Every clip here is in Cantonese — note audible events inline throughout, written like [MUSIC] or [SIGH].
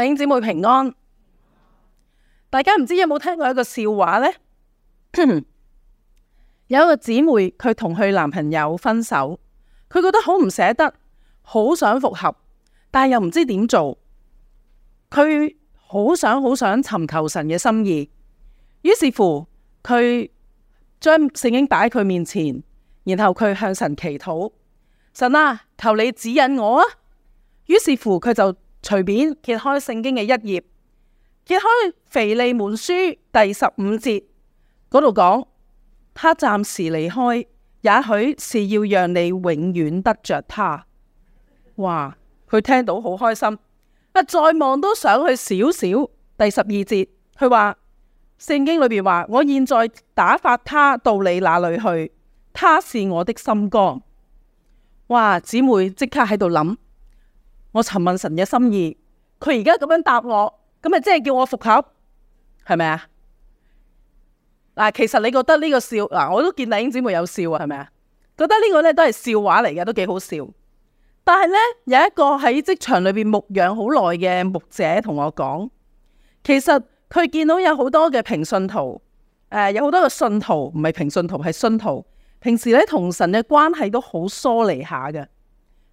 弟兄姊妹平安，大家唔知有冇聽過一個笑話呢？ [COUGHS] 有一個姊妹，佢同佢男朋友分手，佢覺得好唔捨得，好想復合，但係又唔知點做。佢好想好想尋求神嘅心意，於是乎，佢將聖經擺喺佢面前，然後佢向神祈禱：神啊，求你指引我啊！於是乎，佢就隨便揭開聖經嘅一頁，揭開腓利門書第十五節嗰度講，他暫時離開，也許是要讓你永遠得着他。哇，佢聽到好開心，啊，再望都想去少少。第十二節佢話聖經裏邊話，我現在打發他到你那裏去，他是我的心肝。哇，姊妹即刻喺度諗。我尋問神嘅心意，佢而家咁樣答我，咁咪即係叫我復合，係咪啊？嗱，其實你覺得呢個笑，嗱，我都見弟兄姊妹有笑啊，係咪啊？覺得呢個咧都係笑話嚟嘅，都幾好笑。但係咧，有一個喺職場裏邊牧養好耐嘅牧者同我講，其實佢見到有好多嘅平信徒，誒、呃，有好多嘅信徒，唔係平信徒，係信徒，平時咧同神嘅關係都好疏離下嘅。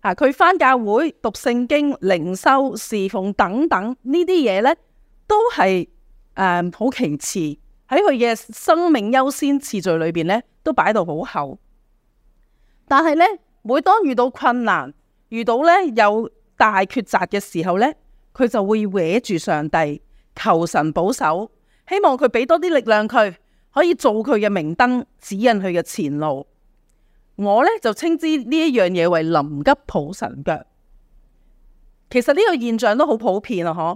嗱、啊，佢返教會讀聖經、靈修、侍奉等等呢啲嘢呢，都係誒好其次，喺佢嘅生命優先次序裏邊呢，都擺到好後。但係呢，每當遇到困難、遇到呢有大抉擇嘅時候呢，佢就會搲住上帝，求神保守，希望佢俾多啲力量佢，可以做佢嘅明燈，指引佢嘅前路。我咧就稱之呢一樣嘢為臨急抱神腳。其實呢個現象都好普遍啊！嗬，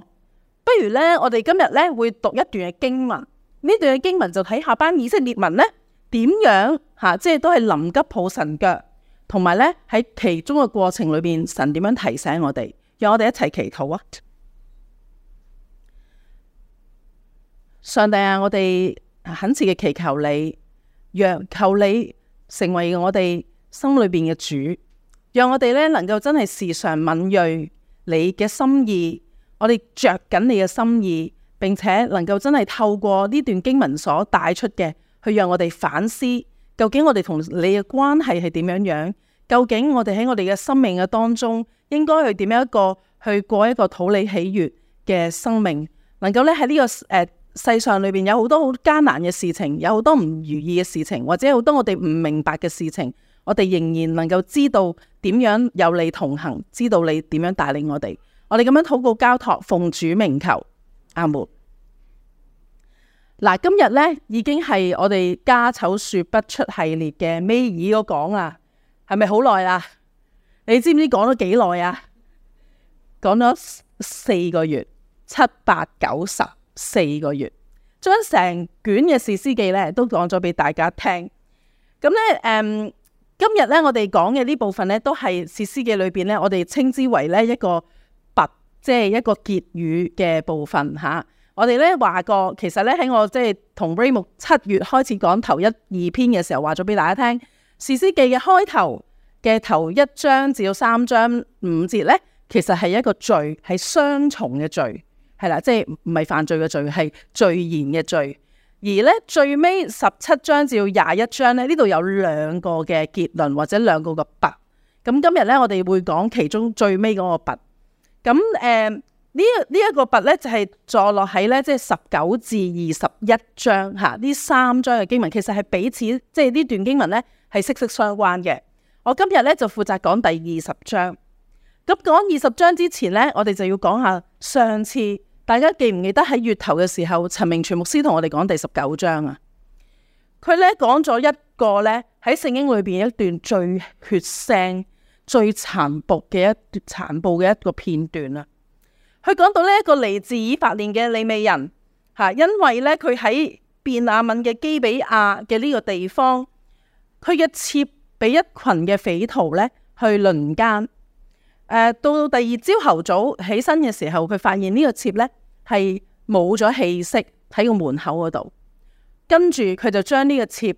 不如咧，我哋今日咧會讀一段嘅經文。呢段嘅經文就睇下班以色列民咧點樣吓，即係都係臨急抱神腳，同埋咧喺其中嘅過程裏邊，神點樣提醒我哋，讓我哋一齊祈禱啊！上帝啊，我哋懇切嘅祈求你，若求你。成為我哋心裏邊嘅主，讓我哋咧能夠真係時常敏鋭你嘅心意，我哋着緊你嘅心意，並且能夠真係透過呢段經文所帶出嘅，去讓我哋反思究竟我哋同你嘅關係係點樣樣，究竟我哋喺我哋嘅生命嘅當中應該去點樣一個去過一個討你喜悅嘅生命，能夠咧喺呢個誒。呃世上裏邊有好多好艱難嘅事情，有好多唔如意嘅事情，或者好多我哋唔明白嘅事情，我哋仍然能夠知道點樣有你同行，知道你點樣帶領我哋。我哋咁樣禱告交託，奉主名求。阿、啊、門。嗱，今日呢，已經係我哋家醜說不出系列嘅尾二嗰講啊，係咪好耐啦？你知唔知講咗幾耐啊？講咗四個月，七八九十。四個月，將成卷嘅《士師記》呢咧都講咗俾大家聽。咁咧，誒，今日咧我哋講嘅呢部分咧，都係《士師記》裏邊咧，我哋稱之為咧一個跋，即係一個結語嘅部分吓。我哋咧話過其實咧喺我即係同 Ray 牧七月開始講頭一二篇嘅時候，話咗俾大家聽，《士師記》嘅開頭嘅頭一章至到三章五節咧，其實係一個序，係雙重嘅序。係啦，即係唔係犯罪嘅罪，係罪嚴嘅罪。而咧最尾十七章至到廿一章咧，呢度有兩個嘅結論或者兩個嘅筆。咁今日咧，我哋會講其中最尾嗰個筆。咁誒，呢呢一個筆咧就係坐落喺咧，即係十九至二十一章吓，呢三章嘅經文其實係彼此即係呢段經文咧係息息相關嘅。我今日咧就負責講第二十章。咁講二十章之前咧，我哋就要講下上次。大家記唔記得喺月頭嘅時候，陳明全牧師同我哋講第十九章啊？佢咧講咗一個咧喺聖經裏邊一段最血腥、最殘暴嘅一段殘暴嘅一個片段啊。佢講到呢一個嚟自以法蓮嘅利未人吓，因為咧佢喺便雅憫嘅基比亞嘅呢個地方，佢嘅妾俾一群嘅匪徒咧去輪姦。誒到第二朝頭早起身嘅時候，佢發現呢個妾咧係冇咗氣息喺個門口嗰度。跟住佢就將呢個妾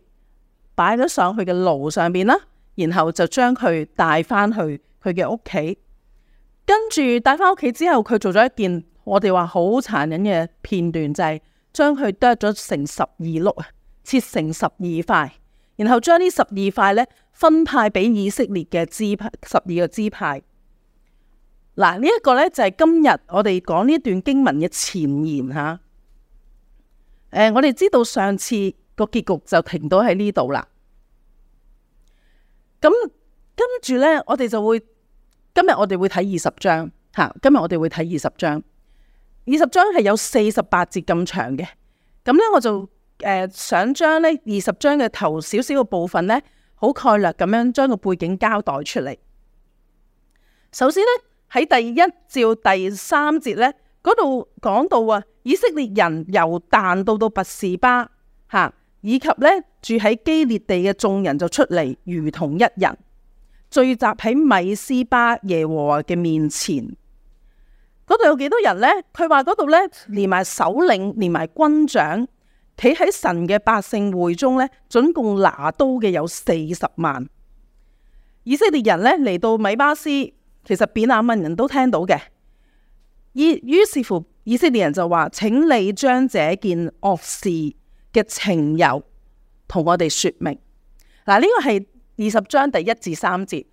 擺咗上去嘅驢上邊啦，然後就將佢帶翻去佢嘅屋企。跟住帶翻屋企之後，佢做咗一件我哋話好殘忍嘅片段，就係將佢剁咗成十二碌，切成十二塊，然後將呢十二塊咧分派俾以色列嘅支派，十二個支派。嗱，呢一個咧就係今日我哋講呢段經文嘅前言吓。誒，我哋知道上次個結局就停到喺呢度啦。咁跟住咧，我哋就會今日我哋會睇二十章吓。今日我哋會睇二十章，二十章係有四十八節咁長嘅。咁咧，我就誒想將呢二十章嘅頭少少嘅部分咧，好概略咁樣將個背景交代出嚟。首先咧。喺第一照第三節呢嗰度講到啊，以色列人由但到到拔士巴，吓，以及呢住喺基列地嘅眾人就出嚟，如同一人，聚集喺米斯巴耶和華嘅面前。嗰度有幾多人呢？佢話嗰度呢連埋首領，連埋軍長，企喺神嘅百姓會中呢，總共拿刀嘅有四十萬。以色列人呢嚟到米巴斯。其實便雅憫人都聽到嘅，以於,於是乎以色列人就話，請你將這件惡事嘅情由同我哋說明。嗱，呢個係二十章第一至三節，呢、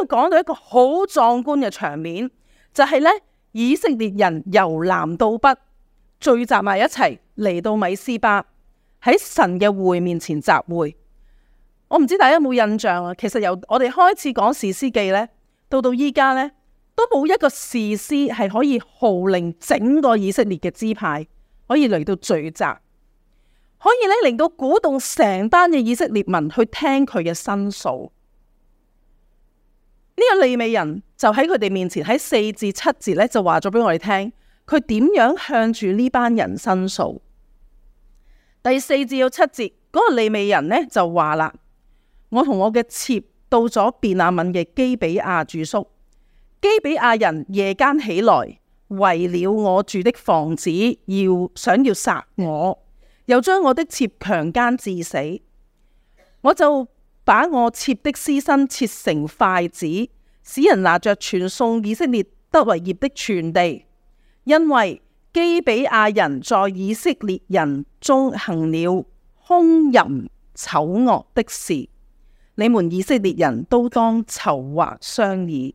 這個講到一個好壯觀嘅場面，就係、是、呢以色列人由南到北聚集埋一齊，嚟到米斯巴喺神嘅會面前集會。我唔知大家有冇印象啊？其實由我哋開始講士師記呢。到到依家呢，都冇一個士師係可以號令整個以色列嘅支派，可以嚟到聚集，可以咧令到鼓動成班嘅以色列民去聽佢嘅申訴。呢、這個利未人就喺佢哋面前喺四至七節咧就話咗俾我哋聽，佢點樣向住呢班人申訴？第四至到七節，嗰、那個利未人呢，就話啦，我同我嘅妾，到咗便雅憫嘅基比亞住宿，基比亞人夜間起來，圍了我住的房子，要想要殺我，又將我的妾強奸致死。我就把我妾的屍身切成塊子，使人拿着傳送以色列得為業的全地，因為基比亞人在以色列人中行了凶淫醜惡的事。你們以色列人都當籌劃商議，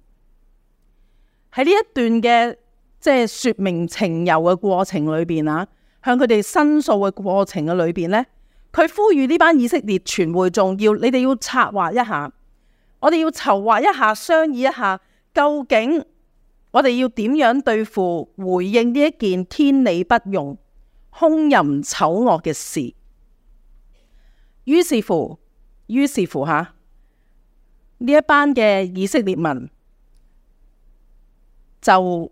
喺呢一段嘅即係說明情由嘅過程裏邊啊，向佢哋申訴嘅過程嘅裏邊咧，佢呼籲呢班以色列全會眾要你哋要策劃一下，我哋要籌劃一下，商議一下，究竟我哋要點樣對付回應呢一件天理不容、凶淫醜惡嘅事？於是乎。於是乎吓，呢一班嘅以色列民就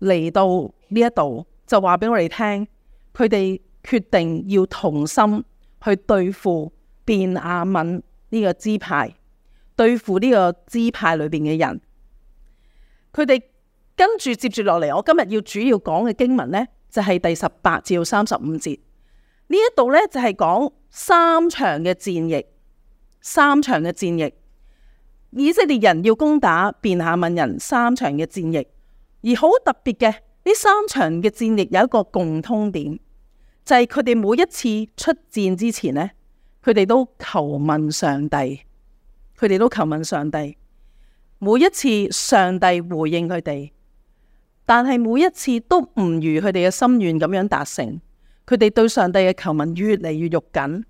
嚟到呢一度，就話俾我哋聽，佢哋決定要同心去對付便雅憫呢個支派，對付呢個支派裏邊嘅人。佢哋跟住接住落嚟，我今日要主要講嘅經文呢，就係第十八至到三十五節。呢一度呢，就係講三場嘅戰役。三場嘅戰役，以色列人要攻打便雅憫人三場嘅戰役，而好特別嘅呢三場嘅戰役有一個共通點，就係佢哋每一次出戰之前呢，佢哋都求問上帝，佢哋都求問上帝。每一次上帝回應佢哋，但係每一次都唔如佢哋嘅心願咁樣達成，佢哋對上帝嘅求問越嚟越肉緊。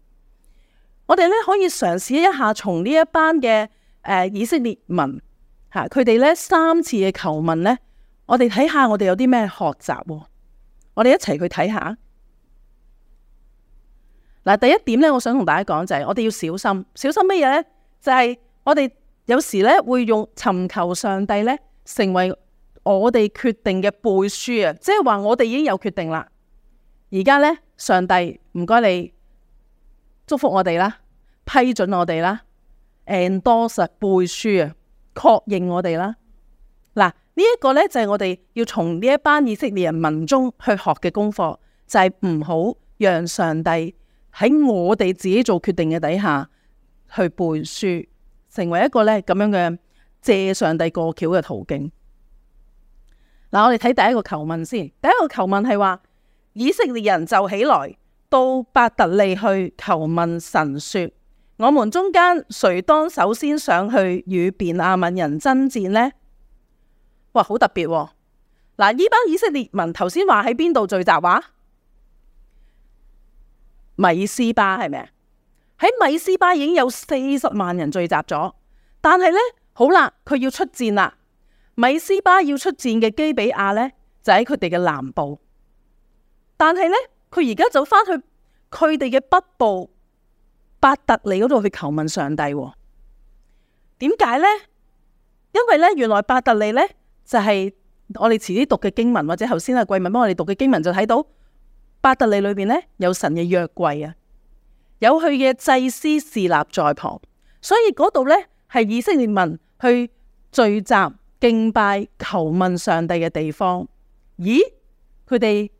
我哋咧，可以嘗試一下從呢一班嘅，誒，以色列民吓，佢哋咧三次嘅求問咧，我哋睇下我哋有啲咩學習。我哋一齊去睇下。嗱，第一點咧，我想同大家講就係，我哋要小心，小心乜嘢咧？就係我哋有時咧會用尋求上帝咧，成為我哋決定嘅背書啊！即係話我哋已經有決定啦，而家咧上帝唔該你祝福我哋啦。批准我哋啦，endorse 背書啊，確認我哋啦。嗱，呢一個呢，就係我哋要從呢一班以色列人民中去學嘅功課，就係唔好讓上帝喺我哋自己做決定嘅底下去背書，成為一個呢咁樣嘅借上帝過橋嘅途徑。嗱，我哋睇第一個求問先。第一個求問係話，以色列人就起來到伯特利去求問神說。我們中間誰當首先上去與便亞敏人爭戰呢？哇，好特別喎！嗱，依班以色列民頭先話喺邊度聚集話？米斯巴係咪啊？喺米斯巴已經有四十萬人聚集咗，但係呢，好啦，佢要出戰啦。米斯巴要出戰嘅基比亞呢，就喺佢哋嘅南部，但係呢，佢而家就翻去佢哋嘅北部。伯特利嗰度去求問上帝，點解呢？因為咧，原來伯特利咧就係我哋遲啲讀嘅經文，或者頭先阿貴文幫我哋讀嘅經文就睇到伯特利裏邊咧有神嘅約櫃啊，有佢嘅祭司侍立在旁，所以嗰度咧係以色列民去聚集敬拜求問上帝嘅地方。咦，佢哋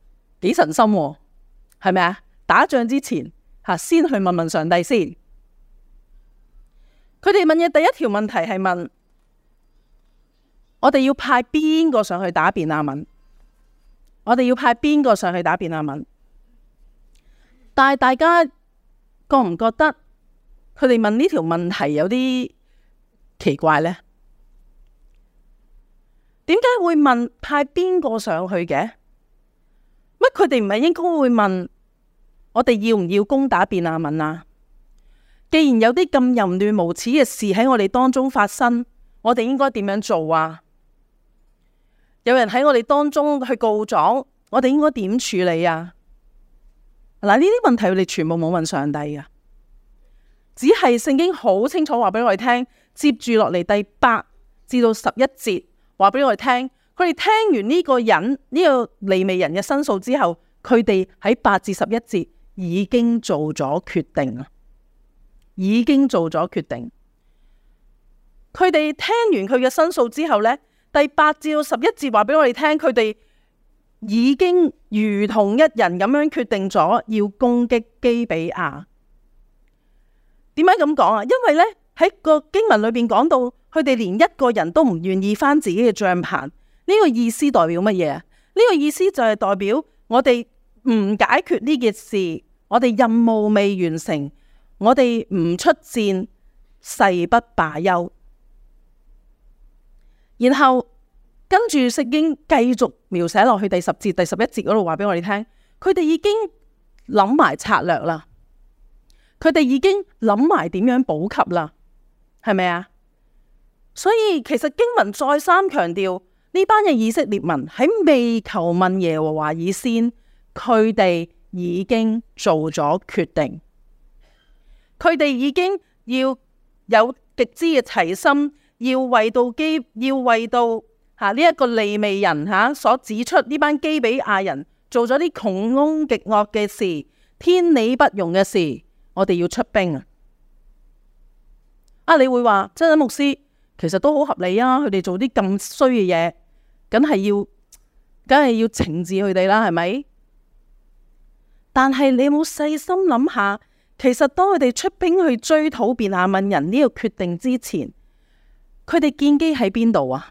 幾神心係咪啊？打仗之前，先去問問上帝先。佢哋問嘅第一條問題係問：我哋要派邊個上去打便雅憫？我哋要派邊個上去打便雅憫？但係大家覺唔覺得佢哋問呢條問題有啲奇怪呢？點解會問派邊個上去嘅？乜佢哋唔係應該會問？我哋要唔要攻打便雅憫啊？既然有啲咁淫亂無恥嘅事喺我哋當中發生，我哋應該點樣做啊？有人喺我哋當中去告狀，我哋應該點處理啊？嗱，呢啲問題我哋全部冇問上帝呀，只係聖經好清楚話俾我哋聽。接住落嚟第八至到十一節話俾我哋聽，佢哋聽完呢個人呢個利未人嘅申訴之後，佢哋喺八至十一節。已經做咗決定啦，已經做咗決定。佢哋聽完佢嘅申訴之後呢，第八至十一節話俾我哋聽，佢哋已經如同一人咁樣決定咗要攻擊基比亞。點解咁講啊？因為呢，喺個經文裏邊講到，佢哋連一個人都唔願意返自己嘅帳篷。呢個意思代表乜嘢？呢個意思就係代表我哋。唔解決呢件事，我哋任務未完成，我哋唔出戰，誓不罷休。然後跟住聖經繼續描寫落去第十節、第十一節嗰度話俾我哋聽，佢哋已經諗埋策略啦，佢哋已經諗埋點樣補給啦，係咪啊？所以其實經文再三強調，呢班嘅以色列民喺未求問耶和華以先。佢哋已經做咗決定，佢哋已經要有極之嘅齊心，要為到基，要為到吓呢一個利未人吓、啊、所指出呢班基比亞人做咗啲窮凶極惡嘅事，天理不容嘅事，我哋要出兵啊！啊，你會話真真牧師，其實都好合理啊！佢哋做啲咁衰嘅嘢，梗係要，梗係要懲治佢哋啦，係咪？但係你有冇細心諗下，其實當佢哋出兵去追討便雅憫人呢個決定之前，佢哋建基喺邊度啊？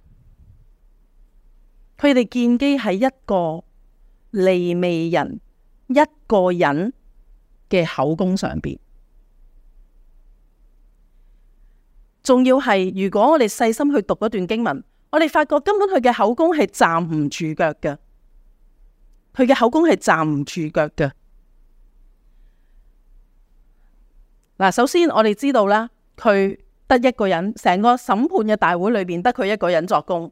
佢哋建基喺一個利未人一個人嘅口供上邊，仲要係如果我哋細心去讀一段經文，我哋發覺根本佢嘅口供係站唔住腳嘅，佢嘅口供係站唔住腳嘅。嗱，首先我哋知道啦，佢得一個人，成個審判嘅大會裏邊得佢一個人作供。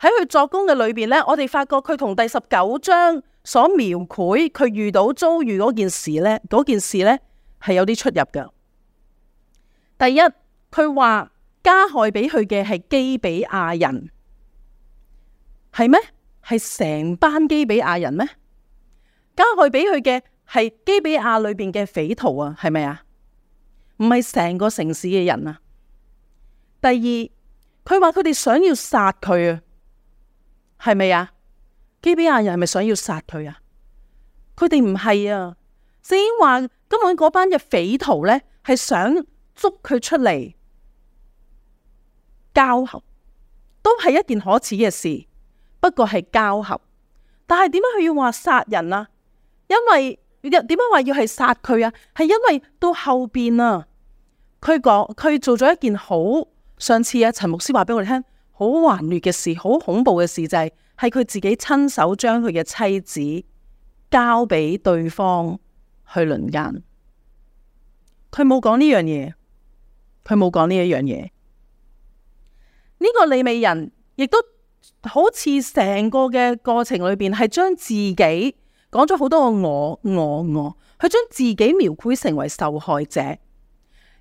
喺佢作供嘅裏邊咧，我哋發覺佢同第十九章所描繪佢遇到遭遇嗰件事咧，嗰件事咧係有啲出入嘅。第一，佢話加害俾佢嘅係基比亞人，係咩？係成班基比亞人咩？加害俾佢嘅係基比亞裏邊嘅匪徒啊，係咪啊？唔係成個城市嘅人啊！第二，佢話佢哋想要殺佢啊，係咪啊？基比亞人係咪想要殺佢啊？佢哋唔係啊！聖英話根本嗰班嘅匪徒咧，係想捉佢出嚟交合，都係一件可恥嘅事。不過係交合，但係點解佢要話殺人啊？因為點解話要係殺佢啊？係因為到後邊啊！佢講佢做咗一件好，上次啊陳牧師話俾我哋聽好頑劣嘅事，好恐怖嘅事，就係係佢自己親手將佢嘅妻子交俾對方去輪姦。佢冇講呢樣嘢，佢冇講呢一樣嘢。呢個利未人亦都好似成個嘅過程裏邊係將自己講咗好多個我我我，佢將自己描繪成為受害者。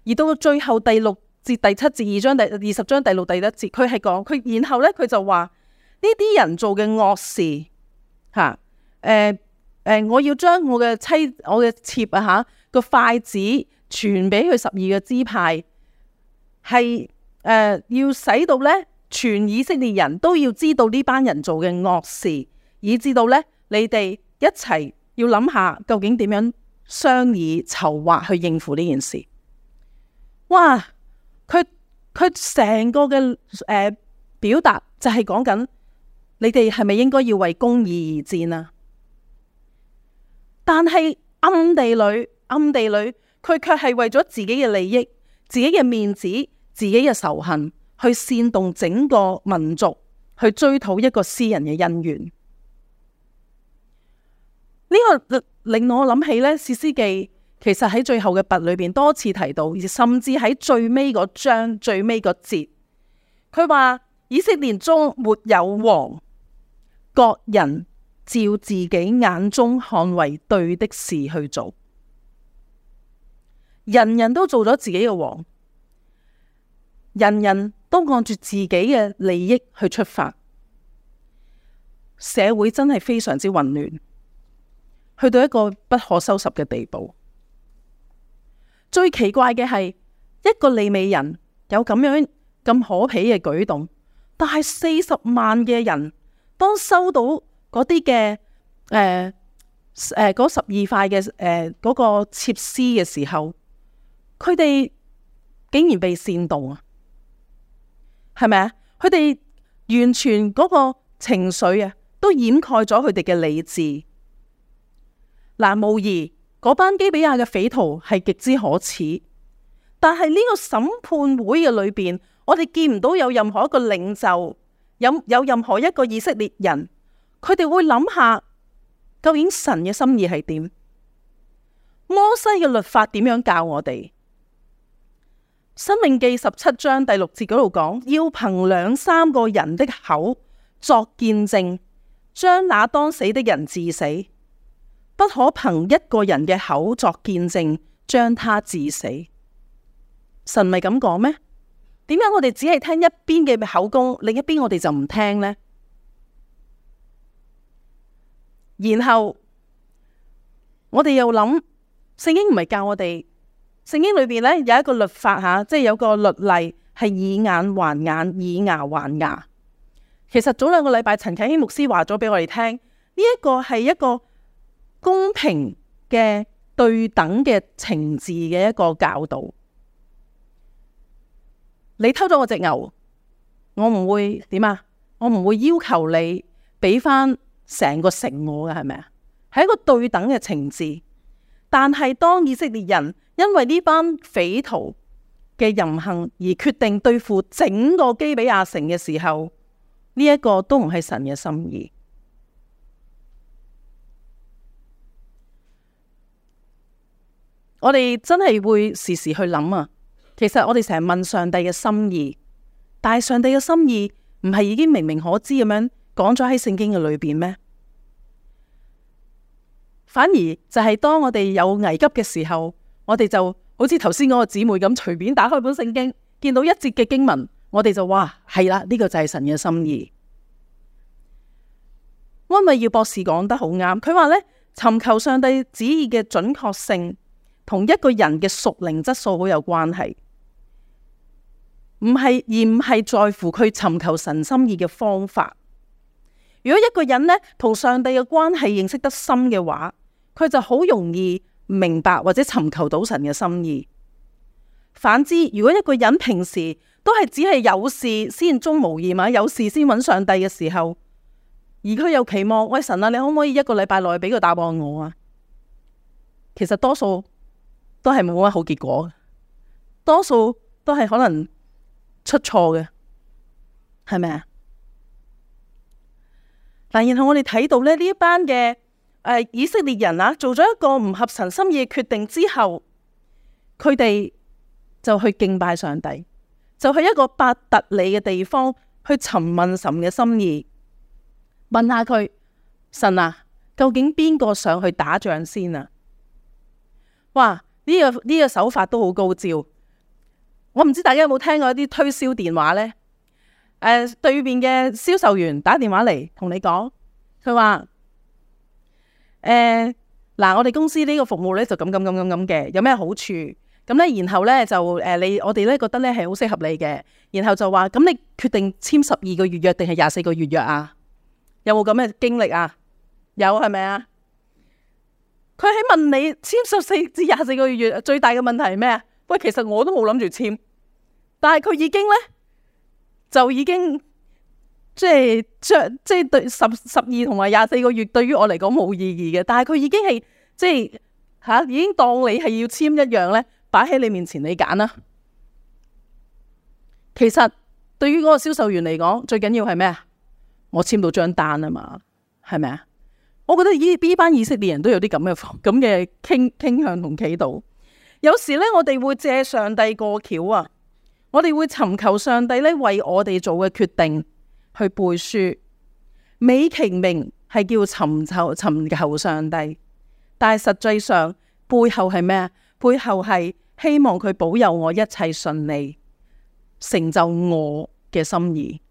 而到最後第六節第七節，二章第二十章第六第一節，佢係講佢，然後咧佢就話呢啲人做嘅惡事嚇，誒誒，我要將我嘅妻我嘅妾啊，嚇個筷子傳俾佢十二個支派，係誒、啊、要使到咧全以色列人都要知道呢班人做嘅惡事，以至到咧你哋一齊要諗下究竟點樣商議籌劃去應付呢件事。哇！佢佢成個嘅誒、呃、表達就係講緊你哋係咪應該要為公義而戰啊？但係暗地裏，暗地裏佢卻係為咗自己嘅利益、自己嘅面子、自己嘅仇恨，去煽動整個民族去追討一個私人嘅恩怨。呢、這個令我諗起呢士師記。其實喺最後嘅筆裏邊多次提到，甚至喺最尾嗰章，最尾嗰節，佢話以色列中沒有王，各人照自己眼中看為對的事去做，人人都做咗自己嘅王，人人都按住自己嘅利益去出發，社會真係非常之混亂，去到一個不可收拾嘅地步。最奇怪嘅係一個利未人有咁樣咁可鄙嘅舉動，但係四十萬嘅人當收到嗰啲嘅誒誒十二塊嘅誒嗰個切施嘅時候，佢哋竟然被煽動啊，係咪啊？佢哋完全嗰個情緒啊，都掩蓋咗佢哋嘅理智。嗱，無疑。嗰班基比亞嘅匪徒係極之可恥，但係呢個審判會嘅裏邊，我哋見唔到有任何一個領袖，有有任何一個以色列人，佢哋會諗下究竟神嘅心意係點？摩西嘅律法點樣教我哋？申命記十七章第六節嗰度講，要憑兩三個人的口作見證，將那當死的人治死。不可憑一個人嘅口作見證，將他致死。神咪咁講咩？點解我哋只係聽一邊嘅口供，另一邊我哋就唔聽呢？然後我哋又諗，聖經唔係教我哋？聖經裏邊咧有一個律法吓，即係有個律例係以眼還眼，以牙還牙。其實早兩個禮拜，陳啟興牧師話咗俾我哋聽，呢、這個、一個係一個。公平嘅對等嘅懲治嘅，一個教導，你偷咗我隻牛，我唔會點啊？我唔會要求你俾翻成個城我嘅係咪啊？係一個對等嘅懲治。但係當以色列人因為呢班匪徒嘅淫行而決定對付整個基比亞城嘅時候，呢、這、一個都唔係神嘅心意。我哋真係會時時去諗啊！其實我哋成日問上帝嘅心意，但係上帝嘅心意唔係已經明明可知咁樣講咗喺聖經嘅裏邊咩？反而就係當我哋有危急嘅時候，我哋就好似頭先嗰個姊妹咁，隨便打開本聖經，見到一節嘅經文，我哋就哇係啦！呢個就係神嘅心意。安米耀博士講得好啱，佢話呢，尋求上帝旨意嘅準確性，同一個人嘅屬靈質素好有關係，唔係而唔係在乎佢尋求神心意嘅方法。如果一個人呢同上帝嘅關係認識得深嘅話，佢就好容易明白或者尋求到神嘅心意。反之，如果一個人平時都係只係有事先中無義嘛，有事先揾上帝嘅時候，而佢又期望喂，神啊，你可唔可以一個禮拜內俾個答案我啊？其實多數。都係冇乜好結果嘅，多數都係可能出錯嘅，係咪啊？嗱，然後我哋睇到咧呢一班嘅誒以色列人啊，做咗一個唔合神心意嘅決定之後，佢哋就去敬拜上帝，就去一個伯特利嘅地方去詢問神嘅心意，問下佢神啊，究竟邊個上去打仗先啊？哇！呢個呢個手法都好高招。我唔知大家有冇聽過一啲推銷電話呢？誒、呃、對面嘅銷售員打電話嚟同你講，佢話：誒、呃、嗱，我哋公司呢個服務呢，就咁咁咁咁咁嘅，有咩好處？咁呢，然後呢，就誒、呃、你我哋呢覺得呢係好適合你嘅，然後就話：咁你決定簽十二個月約定係廿四個月約啊？有冇咁嘅經歷啊？有，係咪啊？佢喺問你簽十四至廿四個月，最大嘅問題係咩啊？喂，其實我都冇諗住簽，但係佢已經咧就已經即係將即係對十十二同埋廿四個月對於我嚟講冇意義嘅，但係佢已經係即係嚇、啊、已經當你係要簽一樣咧擺喺你面前你揀啦。其實對於嗰個銷售員嚟講，最緊要係咩啊？我簽到張單啊嘛，係咪啊？我覺得依班以色列人都有啲咁嘅咁嘅傾傾向同祈禱。有時咧，我哋會借上帝過橋啊，我哋會尋求上帝咧為我哋做嘅決定去背書。美其名係叫尋求尋求上帝，但係實際上背後係咩啊？背後係希望佢保佑我一切順利，成就我嘅心意。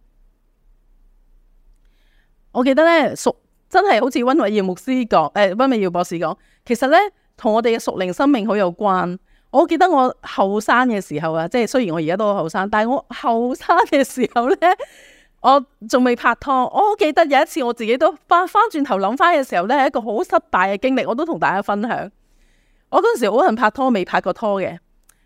我記得咧真係好似溫偉耀牧師講，誒溫偉耀博士講，其實咧同我哋嘅熟齡生命好有關。我記得我後生嘅時候啊，即係雖然我而家都好後生，但係我後生嘅時候咧，我仲未拍拖。我好記得有一次我自己都翻翻轉頭諗翻嘅時候咧，係一個好失敗嘅經歷，我都同大家分享。我嗰陣時好恨拍拖，未拍過拖嘅。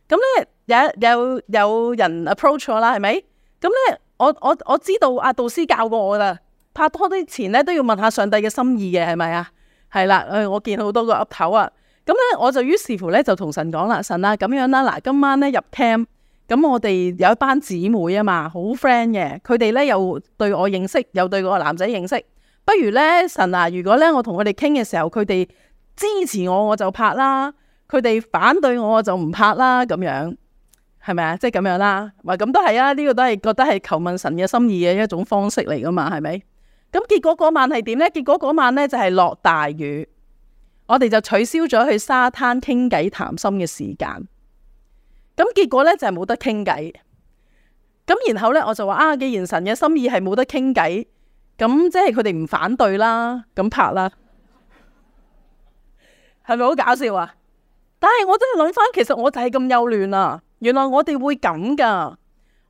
咁咧有有有人 approach 我啦，係咪？咁咧我我我知道阿導師教過我㗎。拍拖啲前咧都要問一下上帝嘅心意嘅係咪啊？係啦，誒、哎、我見好多個岌頭啊，咁咧我就於是乎咧就同神講啦，神啊咁樣啦，嗱今晚咧入 cam，咁我哋有一班姊妹啊嘛，好 friend 嘅，佢哋咧又對我認識，又對個男仔認識，不如咧神啊，如果咧我同佢哋傾嘅時候，佢哋支持我我就拍啦，佢哋反對我我就唔拍啦，咁樣係咪啊？即係咁樣啦，話咁都係啊，呢個都係覺得係求問神嘅心意嘅一種方式嚟噶嘛，係咪？咁結果嗰晚係點呢？結果嗰晚呢，就係落大雨，我哋就取消咗去沙灘傾偈談心嘅時間。咁結果呢，就係冇得傾偈。咁然後呢，我就話啊，既然神嘅心意係冇得傾偈，咁即係佢哋唔反對啦，咁拍啦，係咪好搞笑啊？但係我真係諗翻，其實我就係咁幼嫩啊！原來我哋會咁噶，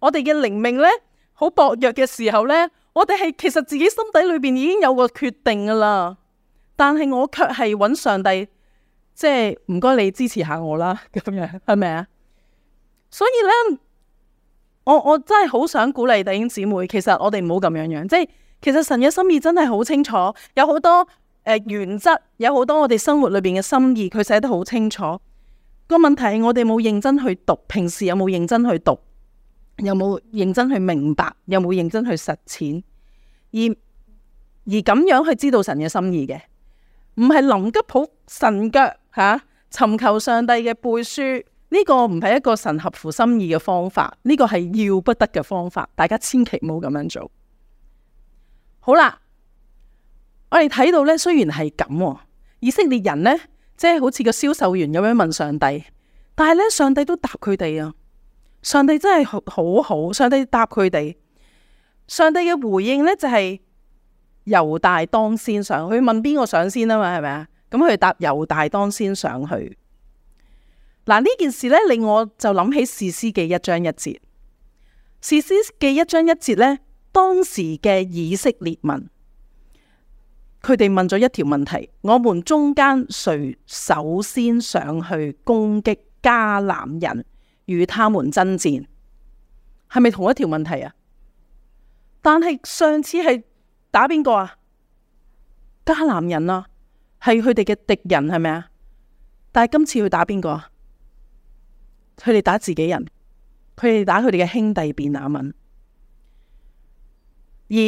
我哋嘅靈命呢，好薄弱嘅時候呢。我哋係其實自己心底裏邊已經有個決定噶啦，但係我卻係揾上帝，即係唔該你支持下我啦，咁樣係咪啊？所以咧，我我真係好想鼓勵弟兄姊妹，其實我哋唔好咁樣樣，即係其實神嘅心意真係好清楚，有好多誒、呃、原則，有好多我哋生活裏邊嘅心意，佢寫得好清楚。個問題係我哋冇認真去讀，平時有冇認真去讀？有冇認真去明白？有冇認真去實踐？而而咁樣去知道神嘅心意嘅，唔係臨急抱神腳吓，尋求上帝嘅背書呢個唔係一個神合乎心意嘅方法，呢個係要不得嘅方法，大家千祈唔好咁樣做。好啦，我哋睇到呢，雖然係咁，以色列人呢，即係好似個銷售員咁樣問上帝，但係呢，上帝都答佢哋啊。上帝真係好好，上帝答佢哋。上帝嘅回，回應呢，就係猶大當先上去問邊個上先啊嘛，係咪啊？咁佢答「猶大當先上去。嗱呢件事呢，令我就諗起士師記一章一節。士師記一章一節呢，當時嘅以色列民佢哋問咗一條問題，我們中間誰首先上去攻擊迦南人？與他們爭戰，係咪同一條問題啊？但係上次係打邊個啊？迦南人啦、啊，係佢哋嘅敵人係咪啊？但係今次要打邊個啊？佢哋打自己人，佢哋打佢哋嘅兄弟便雅憫。而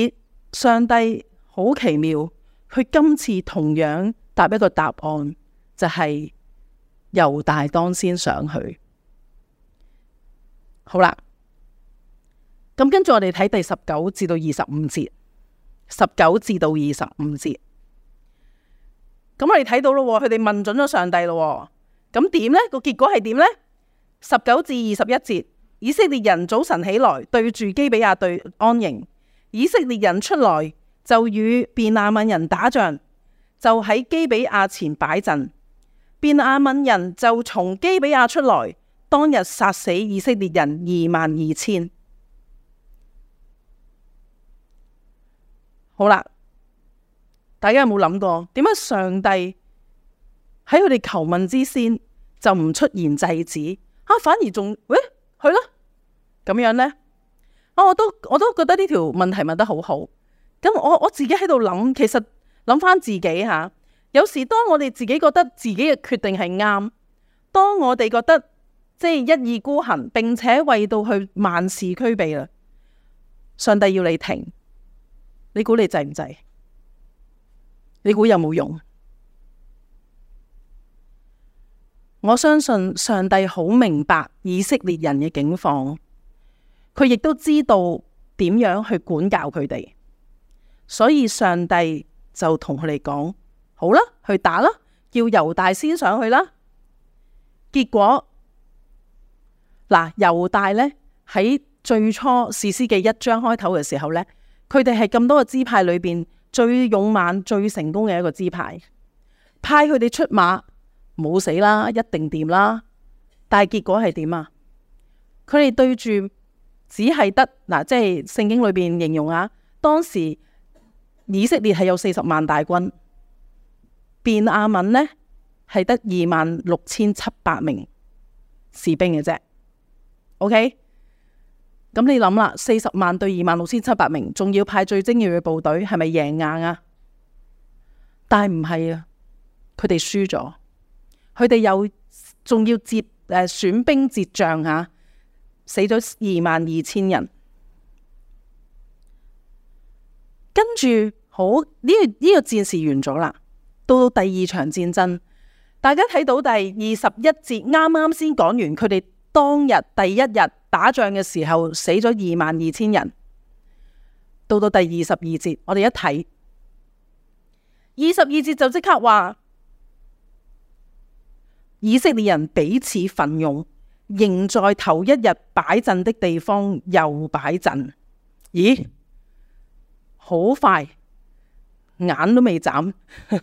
上帝好奇妙，佢今次同樣答一個答案，就係、是、由大當先上去。好啦，咁跟住我哋睇第十九至到二十五節，十九至到二十五節，咁我哋睇到咯，佢哋問準咗上帝咯，咁點呢？個結果係點呢？十九至二十一節，以色列人早晨起來，對住基比亞對安營，以色列人出來就與便雅憫人打仗，就喺基比亞前擺陣，便雅憫人就從基比亞出來。當日殺死以色列人二萬二千，好啦，大家有冇諗過點解上帝喺佢哋求問之先就唔出現制止啊？反而仲喂去啦咁樣呢？啊，我都我都覺得呢條問題問得好好。咁我我自己喺度諗，其實諗翻自己吓，啊，有時當我哋自己覺得自己嘅決定係啱，當我哋覺得。即係一意孤行，並且為到佢萬事俱備啦。上帝要你停，你估你制唔制？你估有冇用？我相信上帝好明白以色列人嘅境況，佢亦都知道點樣去管教佢哋，所以上帝就同佢哋講：好啦，去打啦，叫猶大先上去啦。結果。嗱，猶大咧喺最初《士師記》一章開頭嘅時候咧，佢哋係咁多個支派裏邊最勇猛、最成功嘅一個支派，派佢哋出馬冇死啦，一定掂啦。但係結果係點啊？佢哋對住只係得嗱，即係聖經裏邊形容啊，當時以色列係有四十萬大軍，便雅憫呢，係得二萬六千七百名士兵嘅啫。OK，咁你諗啦，四十萬對二萬六千七百名，仲要派最精銳嘅部隊，係咪贏硬啊？但係唔係啊，佢哋輸咗，佢哋又仲要截誒、呃、選兵截將吓，死咗二萬二千人，跟住好呢、這個呢、這個戰事完咗啦。到到第二場戰爭，大家睇到第二十一節啱啱先講完，佢哋。當日第一日打仗嘅時候，死咗二萬二千人，到到第二十二節，我哋一睇，二十二節就即刻話以色列人彼此奮勇，仍在頭一日擺陣的地方又擺陣。咦，好快，眼都未眨，佢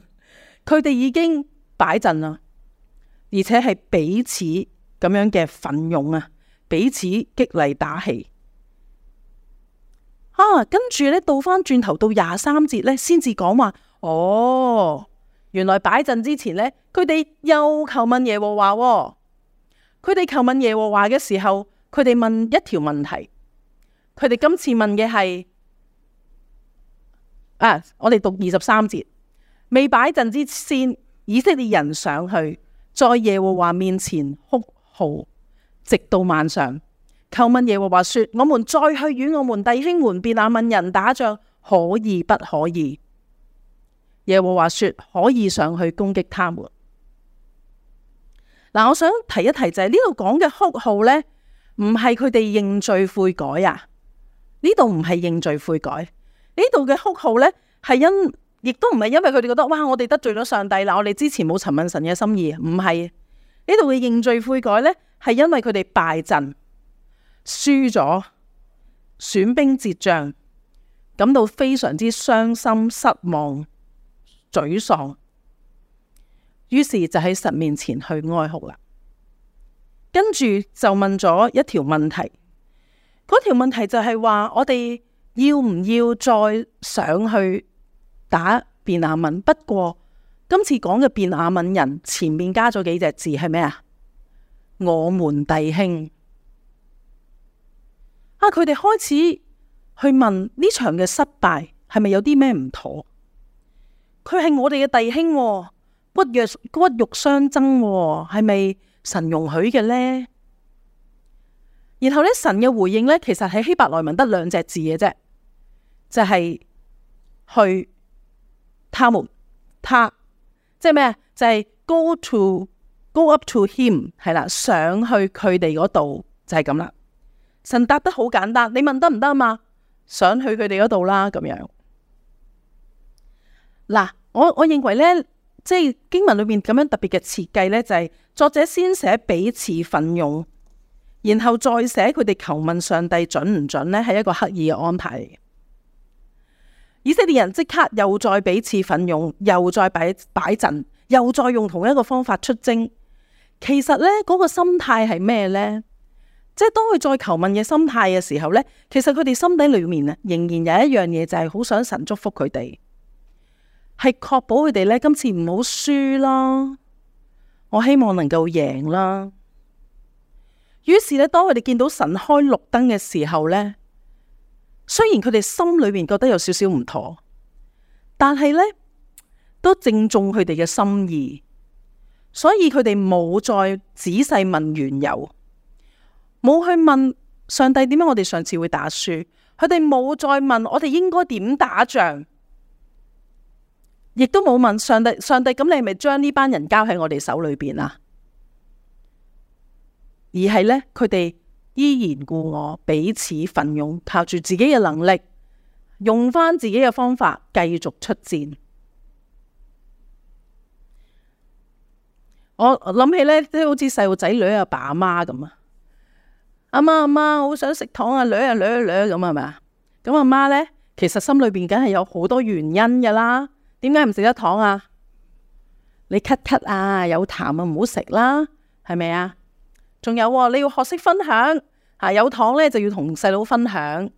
[LAUGHS] 哋已經擺陣啦，而且係彼此。咁樣嘅奮勇啊，彼此激勵打氣啊！跟住咧，到翻轉頭到廿三節咧，先至講話哦，原來擺陣之前咧，佢哋又求問耶和華喎。佢哋求問耶和華嘅時候，佢哋問一條問題。佢哋今次問嘅係啊，我哋讀二十三節，未擺陣之先，以色列人上去在耶和華面前哭。號，直到晚上，叩問耶和華說：我們再去與我們弟兄們便雅憫人打仗可以不可以？耶和華說：可以上去攻擊他們。嗱，我想提一提就係呢度講嘅哭號呢，唔係佢哋認罪悔改啊？呢度唔係認罪悔改，呢度嘅哭號呢，係因亦都唔係因為佢哋覺得哇，我哋得罪咗上帝啦，我哋之前冇詢問神嘅心意，唔係。呢度嘅認罪悔改呢，係因為佢哋敗陣、輸咗、損兵折將，感到非常之傷心、失望、沮喪，於是就喺神面前去哀哭啦。跟住就問咗一條問題，嗰條問題就係話：「我哋要唔要再上去打便雅憫？」不過。今次講嘅便雅憫人前面加咗幾隻字係咩啊？我們弟兄啊，佢哋開始去問呢場嘅失敗係咪有啲咩唔妥？佢係我哋嘅弟兄、啊，骨肉骨肉相爭、啊，係咪神容許嘅呢？」然後咧，神嘅回應咧，其實喺希伯來文得兩隻字嘅啫，就係、是、去他們他。即係咩？就係、是、go to go up to him 係啦，上去佢哋嗰度就係咁啦。神答得好簡單，你問得唔得啊？嘛，上去佢哋嗰度啦，咁樣。嗱，我我認為咧，即係經文裏面咁樣特別嘅設計咧，就係、是、作者先寫彼此奮勇，然後再寫佢哋求問上帝准唔准咧，係一個刻意嘅安排。以色列人即刻又再彼此奮勇，又再擺擺陣，又再用同一個方法出征。其實咧，嗰個心態係咩咧？即係當佢再求問嘅心態嘅時候咧，其實佢哋心底裏面啊，仍然有一樣嘢，就係好想神祝福佢哋，係確保佢哋咧今次唔好輸啦。我希望能夠贏啦。於是咧，當佢哋見到神開綠燈嘅時候咧。雖然佢哋心裏邊覺得有少少唔妥，但係咧都正中佢哋嘅心意，所以佢哋冇再仔細問原由，冇去問上帝點解我哋上次會打輸，佢哋冇再問我哋應該點打仗，亦都冇問上帝，上帝咁你係咪將呢班人交喺我哋手裏邊啊？而係咧，佢哋。依然故我，彼此奮勇，靠住自己嘅能力，用翻自己嘅方法繼續出戰。我諗起咧，都好似細路仔女阿爸阿媽咁啊，阿媽阿媽，我好想食糖啊，掠啊掠啊掠咁係咪啊？咁阿媽咧，其實心裏邊梗係有好多原因噶啦，點解唔食得糖啊？你咳咳啊，有痰啊，唔好食啦，係咪啊？仲有，你要學識分享。嚇，有糖咧就要同細佬分享，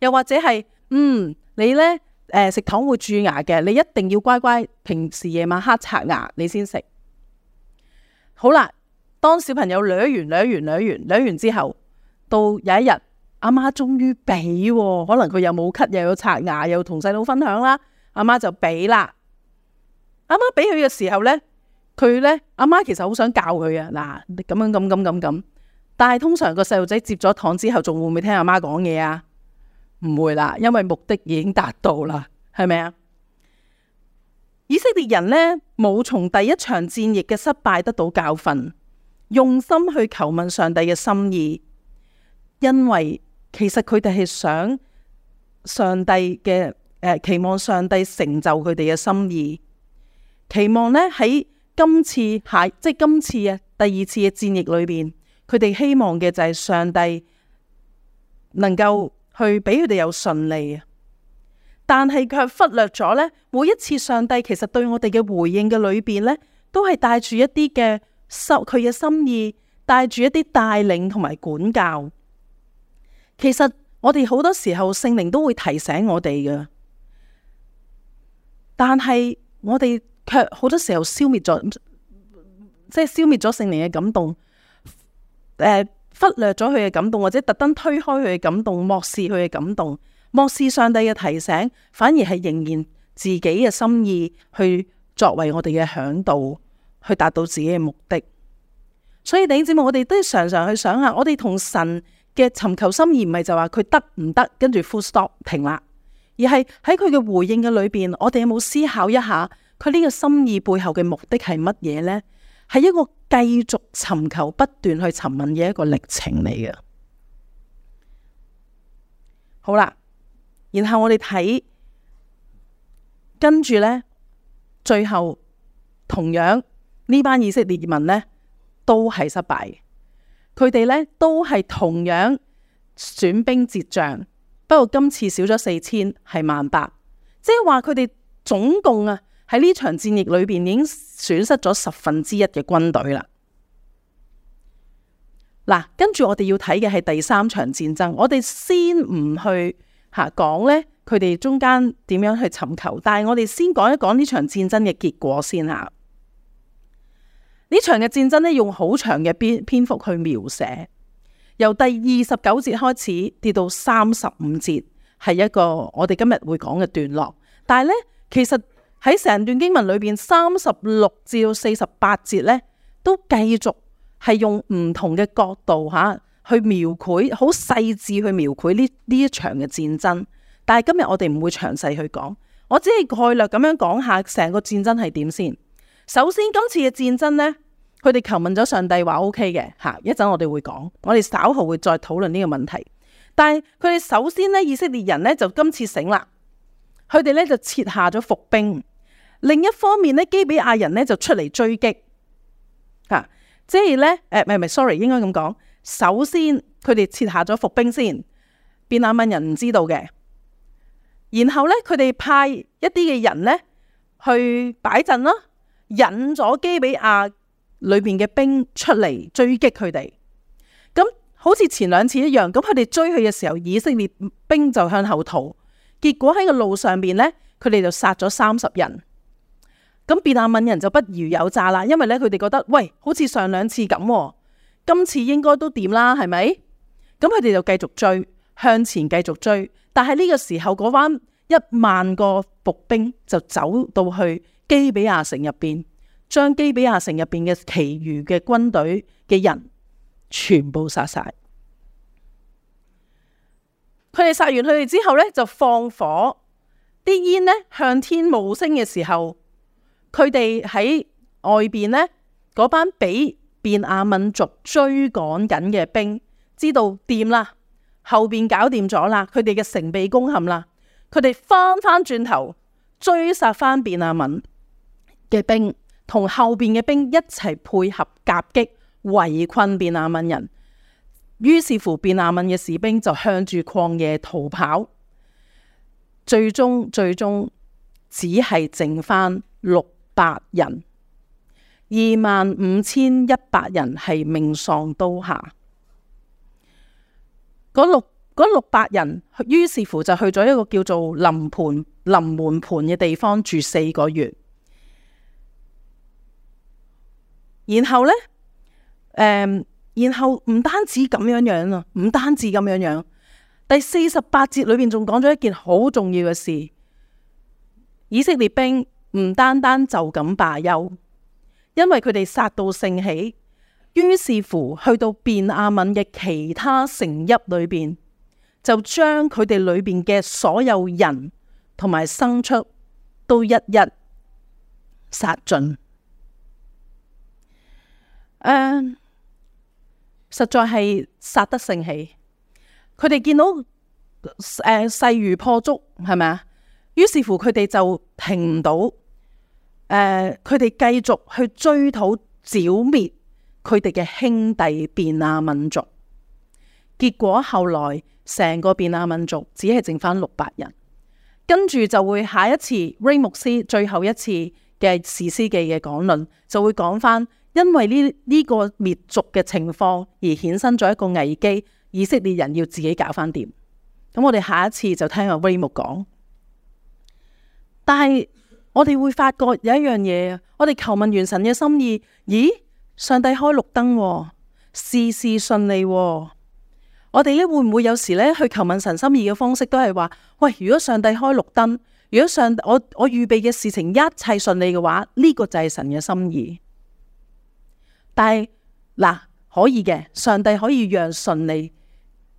又或者係嗯，你咧誒，食糖會蛀牙嘅，你一定要乖乖，平時夜晚黑刷牙，你先食。好啦，當小朋友掠完掠完掠完掠完之後，到有一日阿媽終於俾喎，可能佢又冇咳又有刷牙又同細佬分享啦，阿媽就俾啦。阿媽俾佢嘅時候咧，佢咧，阿媽其實好想教佢啊，嗱，咁樣咁咁咁咁。但係通常個細路仔接咗堂之後，仲會唔會聽阿媽講嘢啊？唔會啦，因為目的已經達到啦，係咪啊？以色列人呢，冇從第一場戰役嘅失敗得到教訓，用心去求問上帝嘅心意，因為其實佢哋係想上帝嘅誒、呃、期望上帝成就佢哋嘅心意，期望呢喺今次係即係今次嘅第二次嘅戰役裏邊。佢哋希望嘅就係上帝能夠去俾佢哋有順利，但係卻忽略咗咧。每一次上帝其實對我哋嘅回應嘅裏邊咧，都係帶住一啲嘅心，佢嘅心意，帶住一啲帶領同埋管教。其實我哋好多時候聖靈都會提醒我哋嘅，但係我哋卻好多時候消滅咗，即係消滅咗聖靈嘅感動。誒，忽略咗佢嘅感動，或者特登推開佢嘅感動，漠視佢嘅感動，漠視上帝嘅提醒，反而係仍然自己嘅心意去作為我哋嘅嚮導，去達到自己嘅目的。所以弟兄姊妹，我哋都常常去想下，我哋同神嘅尋求心意，唔係就話佢得唔得，跟住 full stop 停啦，而係喺佢嘅回應嘅裏邊，我哋有冇思考一下，佢呢個心意背後嘅目的係乜嘢呢？係一個繼續尋求、不斷去尋問嘅一個歷程嚟嘅。好啦，然後我哋睇，跟住咧，最後同樣呢班以色列民咧，都係失敗。佢哋咧都係同樣損兵折將，不過今次少咗四千，係萬八，即係話佢哋總共啊。喺呢場戰役裏邊已經損失咗十分之一嘅軍隊啦。嗱，跟住我哋要睇嘅係第三場戰爭，我哋先唔去吓講咧，佢哋中間點樣去尋求，但係我哋先講一講呢場戰爭嘅結果先吓。呢場嘅戰爭呢，用好長嘅篇篇幅去描寫，由第二十九節開始，跌到三十五節，係一個我哋今日會講嘅段落，但係呢，其實。喺成段經文裏邊，三十六至到四十八節咧，都繼續係用唔同嘅角度吓、啊、去描繪，好細緻去描繪呢呢一場嘅戰爭。但係今日我哋唔會詳細去講，我只係概略咁樣講下成個戰爭係點先。首先，今次嘅戰爭咧，佢哋求問咗上帝話 OK 嘅吓，一陣、OK 啊、我哋會講，我哋稍後會再討論呢個問題。但係佢哋首先咧，以色列人咧就今次醒啦。佢哋咧就設下咗伏兵，另一方面咧，基比亞人咧就出嚟追擊，吓、啊，即係咧，誒、啊，唔係 sorry，應該咁講，首先佢哋設下咗伏兵先，便雅憫人唔知道嘅，然後咧佢哋派一啲嘅人咧去擺陣啦，引咗基比亞裏邊嘅兵出嚟追擊佢哋，咁好似前兩次一樣，咁佢哋追佢嘅時候，以色列兵就向後逃。結果喺個路上邊呢，佢哋就殺咗三十人。咁便雅憫人就不如有詐啦，因為咧佢哋覺得，喂，好似上兩次咁，今次應該都掂啦，係咪？咁佢哋就繼續追，向前繼續追。但係呢個時候嗰班一萬個伏兵就走到去基比亞城入邊，將基比亞城入邊嘅其餘嘅軍隊嘅人全部殺晒。佢哋殺完佢哋之後咧，就放火，啲煙咧向天冒升嘅時候，佢哋喺外邊咧，嗰班俾便雅憫族追趕緊嘅兵，知道掂啦，後邊搞掂咗啦，佢哋嘅城被攻陷啦，佢哋翻翻轉頭追殺翻便雅憫嘅兵，同後邊嘅兵一齊配合夾擊圍困便雅憫人。於是乎，便雅憫嘅士兵就向住曠野逃跑，最終最終只係剩翻六百人，二萬五千一百人係命喪刀下。嗰六六百人，於是乎就去咗一個叫做臨盤臨門磐嘅地方住四個月，然後呢。誒、嗯。然後唔單止咁樣樣啊，唔單止咁樣樣。第四十八節裏邊仲講咗一件好重要嘅事：以色列兵唔單單就咁罷休，因為佢哋殺到盛起，於是乎去到便雅憫嘅其他城邑裏邊，就將佢哋裏邊嘅所有人同埋牲畜都一一殺盡。誒、嗯。實在係殺得興起，佢哋見到誒，勢如破竹，係咪啊？於是乎，佢哋就停唔到，誒，佢哋繼續去追討剿滅佢哋嘅兄弟便雅憫族。結果後來成個便雅憫族只係剩返六百人，跟住就會下一次 Ray 牧師最後一次嘅士師記嘅講論，就會講返。因為呢呢、這個滅族嘅情況而衍生咗一個危機，以色列人要自己搞翻掂。咁我哋下一次就聽阿 Raymond 講。但係我哋會發覺有一樣嘢，我哋求問完神嘅心意，咦，上帝開綠燈，哦，事事順利，哦。我哋咧會唔會有時咧去求問神心意嘅方式都，都係話喂，如果上帝開綠燈，如果上我我預備嘅事情一切順利嘅話，呢、這個就係神嘅心意。但係嗱，可以嘅，上帝可以讓順利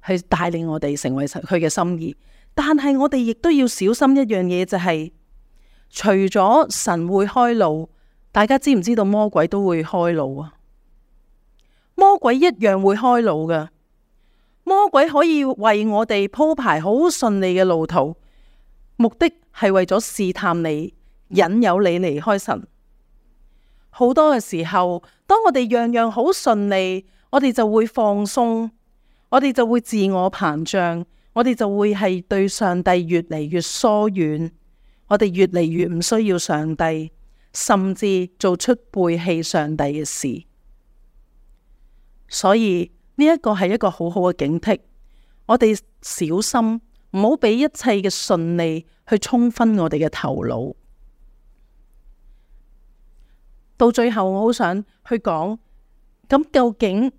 去帶領我哋成為佢嘅心意。但係我哋亦都要小心一樣嘢，就係、是、除咗神會開路，大家知唔知道魔鬼都會開路啊？魔鬼一樣會開路噶，魔鬼可以為我哋鋪排好順利嘅路途，目的係為咗試探你，引誘你離開神。好多嘅時候。當我哋樣樣好順利，我哋就會放鬆，我哋就會自我膨脹，我哋就會係對上帝越嚟越疏遠，我哋越嚟越唔需要上帝，甚至做出背棄上帝嘅事。所以呢一個係一個好好嘅警惕，我哋小心唔好俾一切嘅順利去沖昏我哋嘅頭腦。到最後我好想去講，咁究竟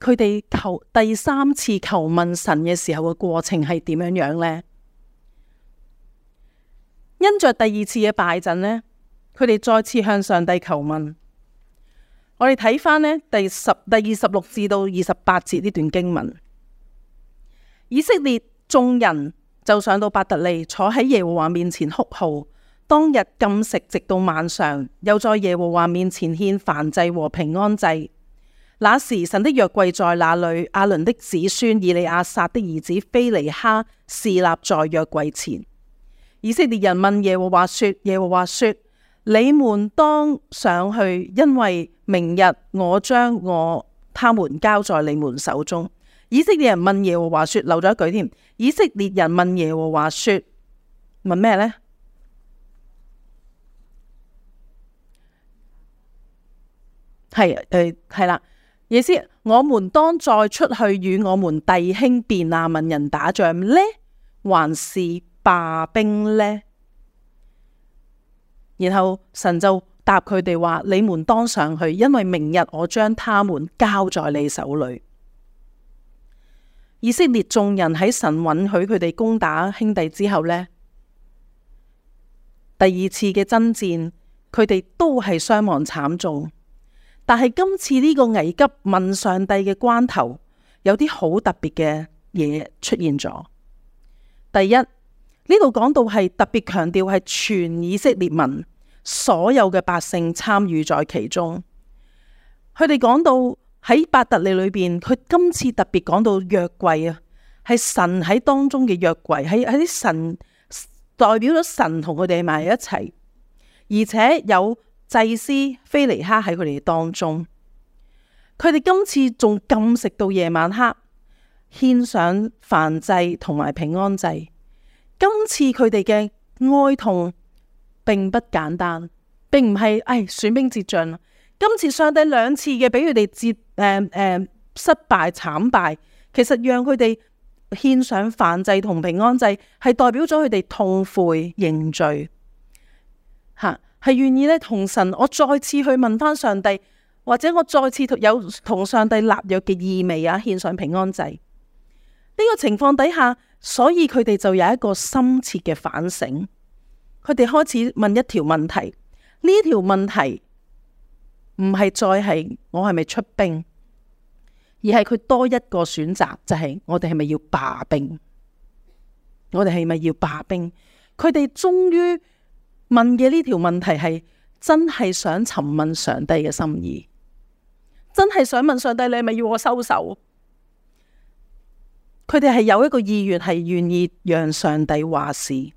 佢哋求第三次求問神嘅時候嘅過程係點樣樣呢？因着第二次嘅敗陣呢，佢哋再次向上帝求問。我哋睇翻呢第十第二十六至到二十八節呢段經文，以色列眾人就上到伯特利，坐喺耶和華面前哭號。當日禁食直到晚上，又在耶和華面前獻燔祭和平安祭。那時神的約櫃在那裏，亞倫的子孫以利亞撒的兒子非尼哈侍立在約櫃前。以色列人問耶和華說：耶和華說，你們當上去，因為明日我將我他們交在你們手中。以色列人問耶和華說，漏咗一句添。以色列人問耶和華說，問咩呢？」係誒係啦，意思，我們當再出去與我們弟兄、便雅憫人打仗呢？還是罷兵呢？然後神就答佢哋話：你們當上去，因為明日我將他們交在你手裏。以色列眾人喺神允許佢哋攻打兄弟之後呢，第二次嘅爭戰，佢哋都係傷亡慘重。但係今次呢個危急問上帝嘅關頭，有啲好特別嘅嘢出現咗。第一，呢度講到係特別強調係全以色列民所有嘅百姓參與在其中。佢哋講到喺伯特利裏邊，佢今次特別講到約櫃啊，係神喺當中嘅約櫃，係喺啲神代表咗神同佢哋埋一齊，而且有。祭司非尼哈喺佢哋當中，佢哋今次仲禁食到夜晚黑，獻上燔祭同埋平安祭。今次佢哋嘅哀痛並不簡單，並唔係唉損兵折將。今次上帝兩次嘅俾佢哋折誒誒失敗慘敗，其實讓佢哋獻上燔祭同平安祭，係代表咗佢哋痛悔認罪。吓。係願意咧同神，我再次去問翻上帝，或者我再次有同上帝立約嘅意味啊，獻上平安祭。呢個情況底下，所以佢哋就有一個深切嘅反省，佢哋開始問一條問題，呢條問題唔係再係我係咪出兵，而係佢多一個選擇，就係我哋係咪要罷兵？我哋係咪要罷兵？佢哋終於。問嘅呢條問題係真係想詢問上帝嘅心意，真係想問上帝，你係咪要我收手？佢哋係有一個意願，係願意讓上帝話事。誒、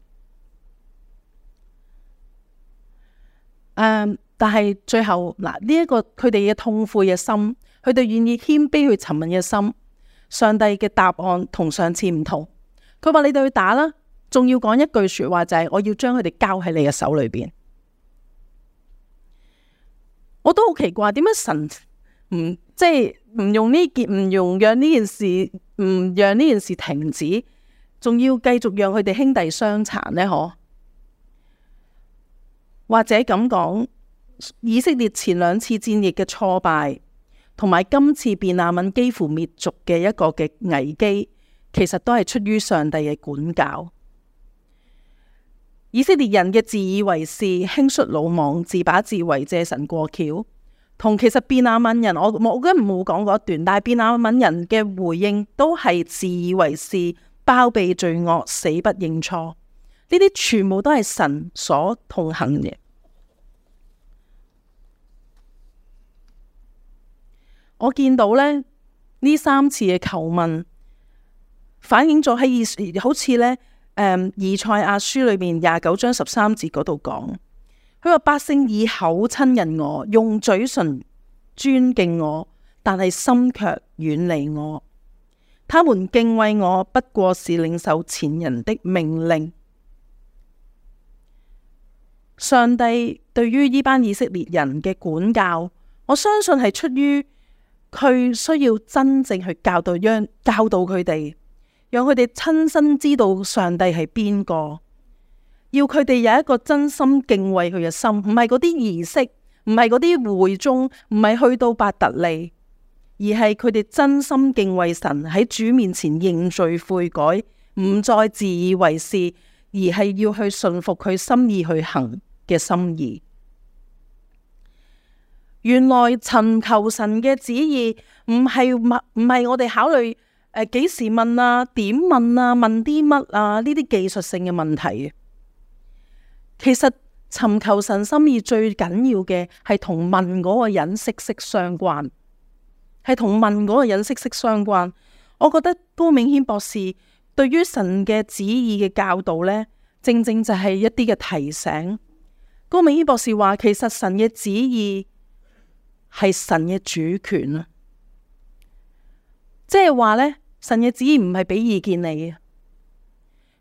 嗯，但係最後嗱，呢、這、一個佢哋嘅痛悔嘅心，佢哋願意謙卑去詢問嘅心，上帝嘅答案同上次唔同。佢話你哋去打啦。仲要講一句說話，就係我要將佢哋交喺你嘅手裏邊。我都好奇怪，點解神唔即係唔用呢件唔用讓呢件事唔讓呢件事停止，仲要繼續讓佢哋兄弟相殘呢？嗬，或者咁講，以色列前兩次戰役嘅挫敗，同埋今次便雅憫幾乎滅族嘅一個嘅危機，其實都係出於上帝嘅管教。以色列人嘅自以為是、輕率魯莽、自把自為、借神過橋，同其實便雅憫人，我冇，我今日冇講嗰一段，但係便雅憫人嘅回應都係自以為是、包庇罪惡、死不認錯，呢啲全部都係神所痛恨嘅。我見到咧呢這三次嘅求問，反映咗喺以色列好似咧，誒、um,，以賽亞書裏面廿九章十三節嗰度講，佢話，百姓以口親近我，用嘴唇尊敬我，但係心卻遠離我。他們敬畏我，不過是領受前人的命令。上帝對於呢班以色列人嘅管教，我相信係出於佢需要真正去教導、央教導佢哋。讓佢哋親身知道上帝係邊個，要佢哋有一個真心敬畏佢嘅心，唔係嗰啲儀式，唔係嗰啲會眾，唔係去到伯特利，而係佢哋真心敬畏神，喺主面前認罪悔改，唔再自以為是，而係要去順服佢心意去行嘅心意。原來尋求神嘅旨意，唔係唔係我哋考慮。誒，幾時問啊？點問啊？問啲乜啊？呢啲技術性嘅問題，其實尋求神心意最緊要嘅係同問嗰個人息息相關，係同問嗰個人息息相關。我覺得高明謙博士對於神嘅旨意嘅教導呢，正正就係一啲嘅提醒。高明謙博士話，其實神嘅旨意係神嘅主權啊，即係話呢。神嘅旨意唔係俾意見你嘅，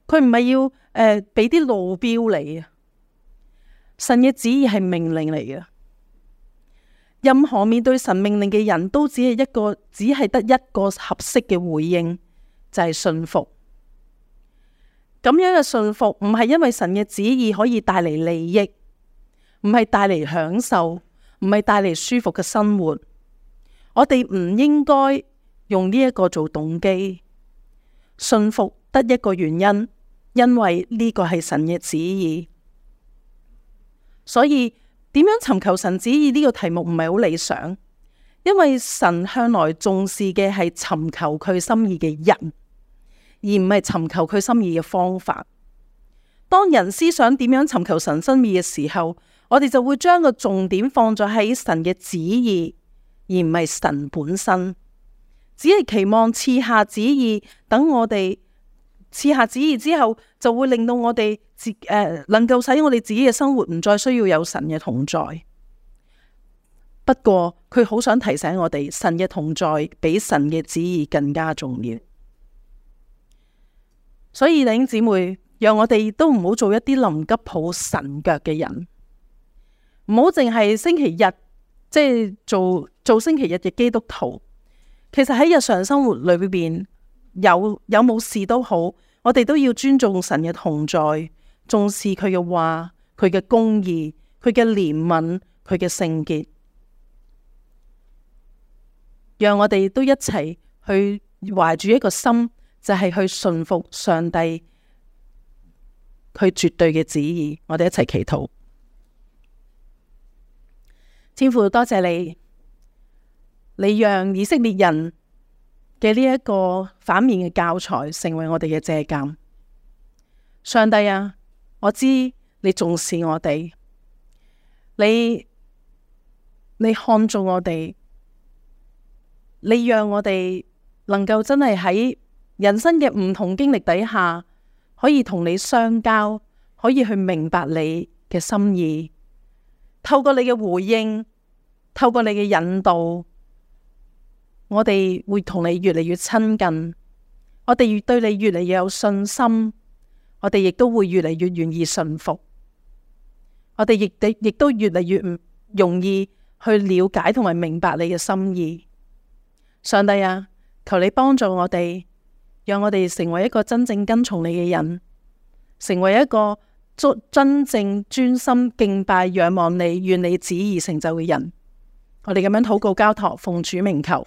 佢唔係要誒俾啲路標你啊！神嘅旨意係命令嚟嘅，任何面對神命令嘅人都只係一個，只係得一個合適嘅回應，就係、是、信服。咁樣嘅信服唔係因為神嘅旨意可以帶嚟利益，唔係帶嚟享受，唔係帶嚟舒服嘅生活。我哋唔應該。用呢一個做動機，信服得一個原因，因為呢個係神嘅旨意。所以點樣尋求神旨意呢個題目唔係好理想，因為神向來重視嘅係尋求佢心意嘅人，而唔係尋求佢心意嘅方法。當人思想點樣尋求神心意嘅時候，我哋就會將個重點放咗喺神嘅旨意，而唔係神本身。只係期望賜下旨意，等我哋賜下旨意之後，就會令到我哋自誒，能夠使我哋自己嘅生活唔再需要有神嘅同在。不過佢好想提醒我哋，神嘅同在比神嘅旨意更加重要。所以弟兄姊妹，讓我哋都唔好做一啲臨急抱神腳嘅人，唔好淨係星期日即係做做星期日嘅基督徒。其實喺日常生活裏邊，有有冇事都好，我哋都要尊重神嘅同在，重視佢嘅話，佢嘅公義，佢嘅憐憫，佢嘅聖潔，讓我哋都一齊去懷住一個心，就係去順服上帝佢絕對嘅旨意。我哋一齊祈禱，天父多謝你。你讓以色列人嘅呢一個反面嘅教材成為我哋嘅借鑒。上帝啊，我知你重視我哋，你你看重我哋，你讓我哋能夠真係喺人生嘅唔同經歷底下，可以同你相交，可以去明白你嘅心意，透過你嘅回應，透過你嘅引導。我哋會同你越嚟越親近，我哋越對你越嚟越有信心，我哋亦都會越嚟越願意信服，我哋亦都越嚟越唔容易去了解同埋明白你嘅心意。上帝啊，求你幫助我哋，讓我哋成為一個真正跟從你嘅人，成為一個足真正專心敬拜仰望你、願你旨意成就嘅人。我哋咁樣禱告交託，奉主名求。